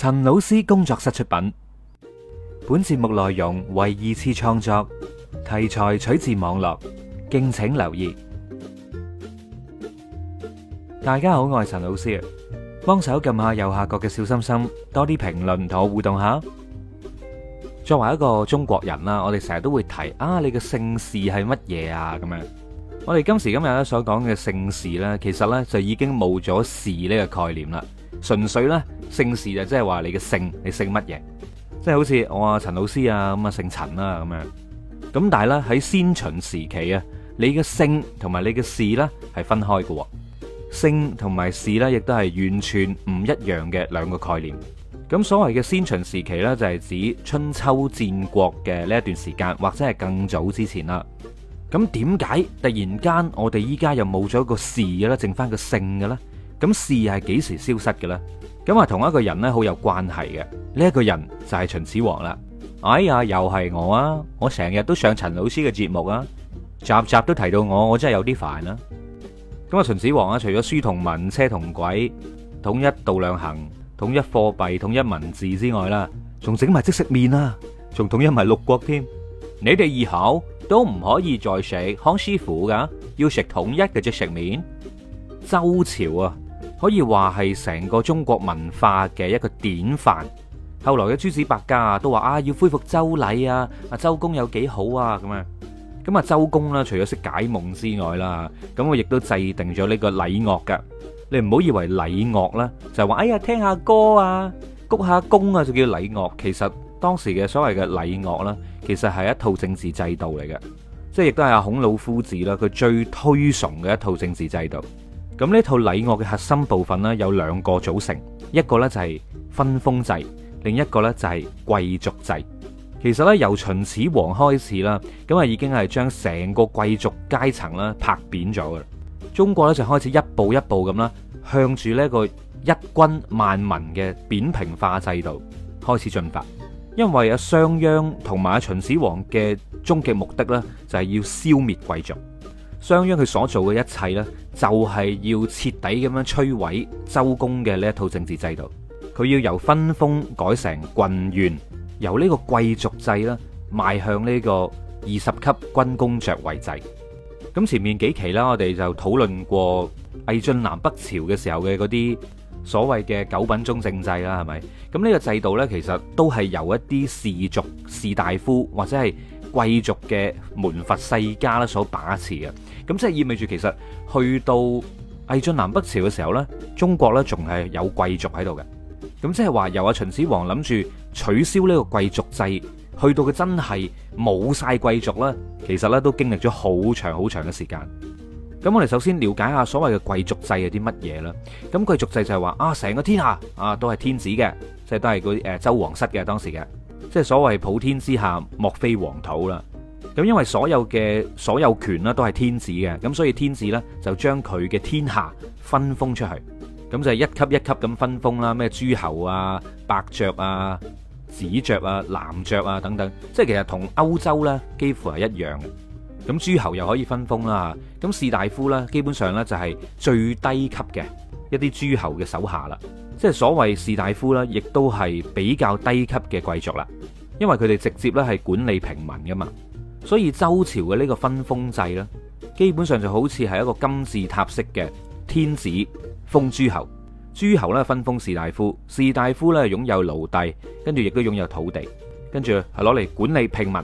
陳老師工作室出品，本節目內容為二次創作，題材取自網絡，敬請留意。大家好，我係陳老師啊，幫手撳下右下角嘅小心心，多啲評論同我互動下。作為一個中國人啦，我哋成日都會提啊，你嘅姓氏係乜嘢啊？咁樣，我哋今時今日咧所講嘅姓氏咧，其實咧就已經冇咗氏呢個概念啦，純粹咧。姓氏就即係話你嘅姓，你姓乜嘢？即係好似我阿陳老師啊咁啊姓陳啦咁樣。咁但係咧喺先秦時期啊，你嘅姓同埋你嘅氏呢係分開嘅，姓同埋氏呢亦都係完全唔一樣嘅兩個概念。咁所謂嘅先秦時期呢，就係指春秋戰國嘅呢一段時間，或者係更早之前啦。咁點解突然間我哋依家又冇咗個氏嘅咧，剩翻個姓嘅咧？咁事係幾時消失嘅咧？咁啊，同一個人咧好有關係嘅。呢一個人就係秦始皇啦。哎呀，又係我啊！我成日都上陳老師嘅節目啊，集集都提到我，我真係有啲煩啊。咁啊，秦始皇啊，除咗書同文、車同軌、統一度量衡、統一貨幣、統一文字之外啦，仲整埋即食麵啊，仲統一埋六國添。你哋以後，都唔可以再食康師傅噶，要食統一嘅即食麵。周朝啊！可以話係成個中國文化嘅一個典範。後來嘅諸子百家啊，都話啊要恢復周禮啊，阿周公有幾好啊咁樣。咁啊周公啦，除咗識解夢之外啦，咁我亦都制定咗呢個禮樂嘅。你唔好以為禮樂啦，就係話哎呀聽下歌啊，鞠下躬啊就叫禮樂。其實當時嘅所謂嘅禮樂啦，其實係一套政治制度嚟嘅，即係亦都係阿孔老夫子啦，佢最推崇嘅一套政治制度。咁呢套禮樂嘅核心部分呢，有兩個組成，一個呢就係分封制，另一個呢就係貴族制。其實呢，由秦始皇開始啦，咁啊已經係將成個貴族階層呢拍扁咗噶啦。中國呢，就開始一步一步咁啦，向住呢個一君萬民嘅扁平化制度開始進發。因為阿商鞅同埋秦始皇嘅終極目的呢，就係要消滅貴族。商鞅佢所做嘅一切呢，就係要徹底咁樣摧毀周公嘅呢一套政治制度。佢要由分封改成郡縣，由呢個貴族制啦，邁向呢個二十級軍功爵位制。咁前面幾期啦，我哋就討論過魏晉南北朝嘅時候嘅嗰啲所謂嘅九品中正制啦，係咪？咁呢個制度呢，其實都係由一啲士族、士大夫或者係。貴族嘅門閥世家咧所把持嘅，咁即係意味住其實去到魏晉南北朝嘅時候咧，中國咧仲係有貴族喺度嘅，咁即係話由阿秦始皇諗住取消呢個貴族制，去到佢真係冇晒貴族啦，其實咧都經歷咗好長好長嘅時間。咁我哋首先了解下所謂嘅貴族制係啲乜嘢啦？咁貴族制就係話啊，成個天下啊都係天子嘅，即係都係嗰啲誒周王室嘅當時嘅。即係所謂普天之下莫非黃土啦，咁因為所有嘅所有權啦都係天子嘅，咁所以天子呢就將佢嘅天下分封出去，咁就係一級一級咁分封啦，咩諸侯啊、伯爵啊、子爵啊、男爵啊、藍爵啊等等，即係其實同歐洲呢幾乎係一樣嘅，咁諸侯又可以分封啦，咁士大夫呢基本上呢就係最低級嘅一啲諸侯嘅手下啦。即係所謂士大夫咧，亦都係比較低級嘅貴族啦，因為佢哋直接咧係管理平民噶嘛。所以周朝嘅呢個分封制咧，基本上就好似係一個金字塔式嘅天子封諸侯，諸侯咧分封士大夫，士大夫咧擁有奴隸，跟住亦都擁有土地，跟住係攞嚟管理平民。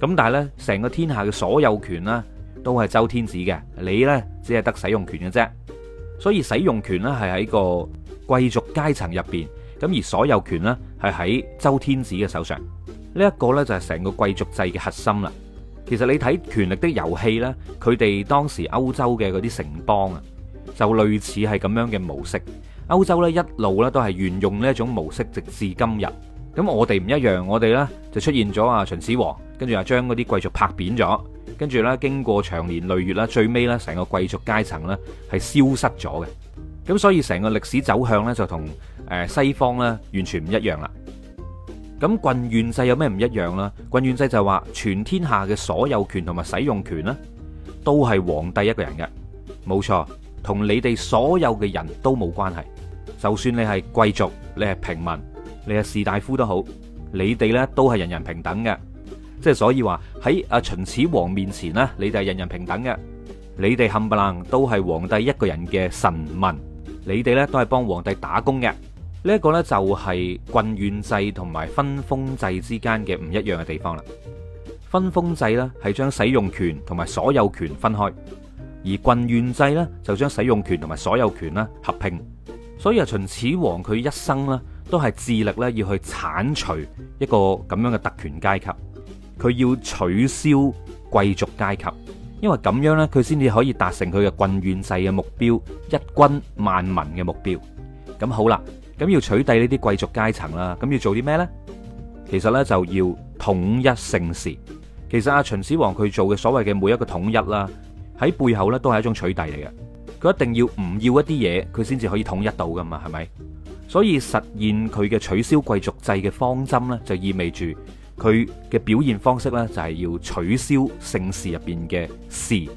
咁但係咧，成個天下嘅所有權啦，都係周天子嘅，你咧只係得使用權嘅啫。所以使用權咧係喺個。貴族階層入邊，咁而所有權呢，係喺周天子嘅手上，呢一個呢，就係成個貴族制嘅核心啦。其實你睇權力的遊戲呢，佢哋當時歐洲嘅嗰啲城邦啊，就類似係咁樣嘅模式。歐洲呢，一路呢，都係沿用呢一種模式，直至今日。咁我哋唔一樣，我哋呢，就出現咗啊秦始皇，跟住啊將嗰啲貴族拍扁咗，跟住呢，經過長年累月啦，最尾呢，成個貴族階層呢，係消失咗嘅。咁所以成個歷史走向咧，就同誒西方咧完全唔一樣啦。咁郡縣制有咩唔一樣啦？郡縣制就話全天下嘅所有權同埋使用權咧，都係皇帝一個人嘅。冇錯，同你哋所有嘅人都冇關係。就算你係貴族，你係平民，你係士大夫都好，你哋咧都係人人平等嘅。即係所以話喺阿秦始皇面前呢，你哋係人人平等嘅，你哋冚唪唥都係皇帝一個人嘅臣民。你哋咧都係幫皇帝打工嘅，呢、這、一個咧就係郡縣制同埋分封制之間嘅唔一樣嘅地方啦。分封制呢，係將使用權同埋所有權分開，而郡縣制呢，就將使用權同埋所有權啦合併。所以啊，秦始皇佢一生咧都係致力咧要去鏟除一個咁樣嘅特權階級，佢要取消貴族階級。因為咁樣咧，佢先至可以達成佢嘅郡縣制嘅目標，一君萬民嘅目標。咁好啦，咁要取締呢啲貴族階層啦，咁要做啲咩咧？其實咧就要統一姓氏。其實阿秦始皇佢做嘅所謂嘅每一個統一啦，喺背後咧都係一種取締嚟嘅。佢一定要唔要一啲嘢，佢先至可以統一到噶嘛，係咪？所以實現佢嘅取消貴族制嘅方針咧，就意味住。佢嘅表現方式呢，就係要取消姓氏入邊嘅氏。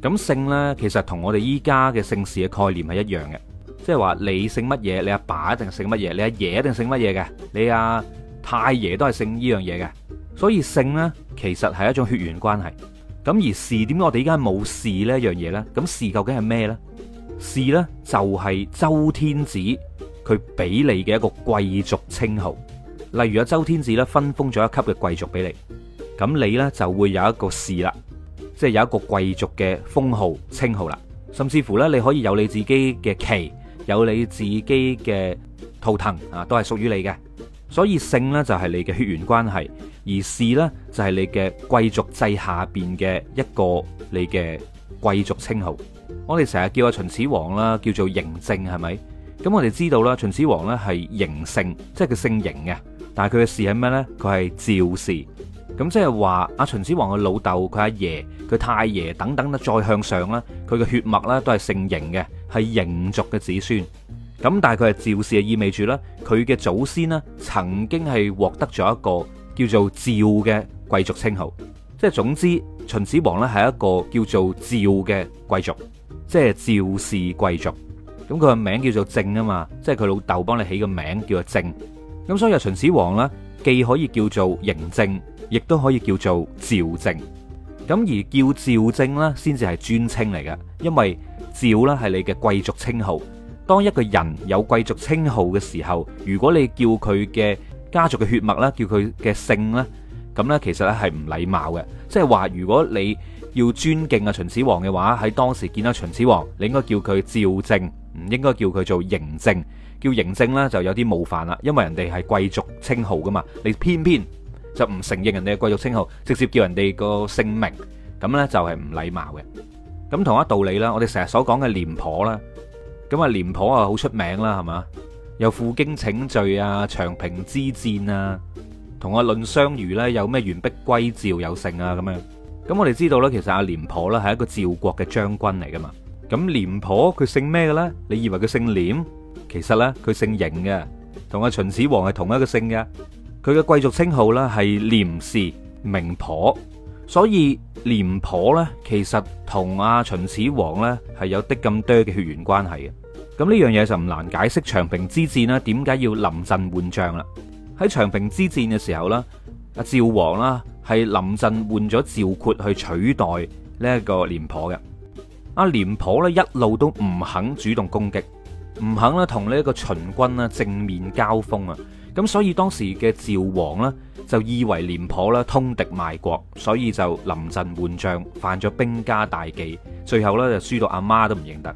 咁姓呢，其實同我哋依家嘅姓氏嘅概念係一樣嘅，即係話你姓乜嘢，你阿爸一定姓乜嘢，你阿爺一定姓乜嘢嘅，你阿太爺都係姓呢樣嘢嘅。所以姓呢，其實係一種血緣關係。咁而氏點解我哋依家冇氏呢樣嘢呢？咁氏究竟係咩呢？氏呢，就係周天子佢俾你嘅一個貴族稱號。例如有周天子咧，分封咗一級嘅貴族俾你，咁你呢就會有一個氏啦，即係有一個貴族嘅封號稱號啦，甚至乎呢，你可以有你自己嘅旗，有你自己嘅圖騰啊，都係屬於你嘅。所以姓呢就係你嘅血緣關係，而氏呢就係你嘅貴族制下邊嘅一個你嘅貴族稱號。我哋成日叫阿秦始皇啦，叫做嬴政係咪？咁我哋知道啦，秦始皇呢係嬴姓，即係佢姓嬴嘅。但係佢嘅氏係咩咧？佢係趙氏，咁即係話阿秦始皇嘅老豆、佢阿爺、佢太爺等等啦，再向上咧，佢嘅血脈咧都係姓嬴嘅，係嬴族嘅子孫。咁但係佢係趙氏，意味住咧佢嘅祖先咧曾經係獲得咗一個叫做趙嘅貴族稱號。即係總之，秦始皇咧係一個叫做趙嘅貴族，即係趙氏貴族。咁佢個名叫做政啊嘛，即係佢老豆幫你起個名叫做政。咁所以秦始皇咧，既可以叫做嬴政，亦都可以叫做趙政。咁而叫趙政咧，先至係尊稱嚟嘅，因為趙咧係你嘅貴族稱號。當一個人有貴族稱號嘅時候，如果你叫佢嘅家族嘅血脈咧，叫佢嘅姓咧，咁呢其實咧係唔禮貌嘅。即係話，如果你要尊敬阿秦始皇嘅話，喺當時見到秦始皇，你應該叫佢趙政，唔應該叫佢做嬴政。要嬴政咧，就有啲冒犯啦，因為人哋係貴族稱號噶嘛，你偏偏就唔承認人哋嘅貴族稱號，直接叫人哋個姓名咁咧，就係唔禮貌嘅。咁同一道理啦，我哋成日所講嘅廉頗啦，咁啊廉頗啊好出名啦，係嘛，又負荊請罪啊，長平之戰啊，同阿論相如咧，有咩完璧歸趙又成啊咁樣。咁我哋知道咧，其實阿廉頗咧係一個趙國嘅將軍嚟噶嘛。咁廉頗佢姓咩嘅咧？你以為佢姓廉？其實咧，佢姓嬴嘅，同阿秦始皇係同一個姓嘅。佢嘅貴族稱號咧係廉氏名頗，所以廉頗呢，其實同阿秦始皇咧係有啲咁多嘅血緣關係嘅。咁呢樣嘢就唔難解釋長平之戰啦，點解要臨陣換將啦？喺長平之戰嘅時候呢，阿趙王啦係臨陣換咗趙括去取代呢一個廉頗嘅。阿廉頗呢，一路都唔肯主動攻擊。唔肯咧同呢一個秦軍咧正面交鋒啊，咁所以當時嘅趙王呢，就以為廉頗咧通敵賣國，所以就臨陣換將，犯咗兵家大忌，最後呢，就輸到阿媽都唔認得。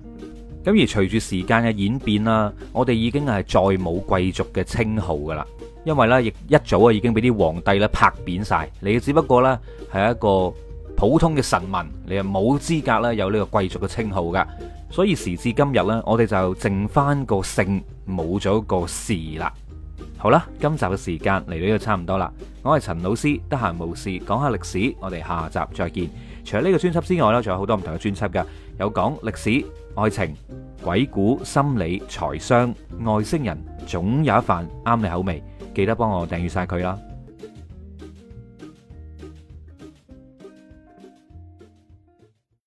咁而隨住時間嘅演變啦，我哋已經係再冇貴族嘅稱號噶啦，因為呢，亦一早啊已經俾啲皇帝咧拍扁晒，你只不過呢，係一個普通嘅臣民，你係冇資格咧有呢個貴族嘅稱號噶。所以時至今日呢，我哋就剩翻個姓，冇咗個氏啦。好啦，今集嘅時間嚟到呢度差唔多啦。我係陳老師，得閒無事講下歷史，我哋下集再見。除咗呢個專輯之外呢，仲有好多唔同嘅專輯嘅，有講歷史、愛情、鬼故、心理、財商、外星人，總有一瓣啱你口味。記得幫我訂閱晒佢啦。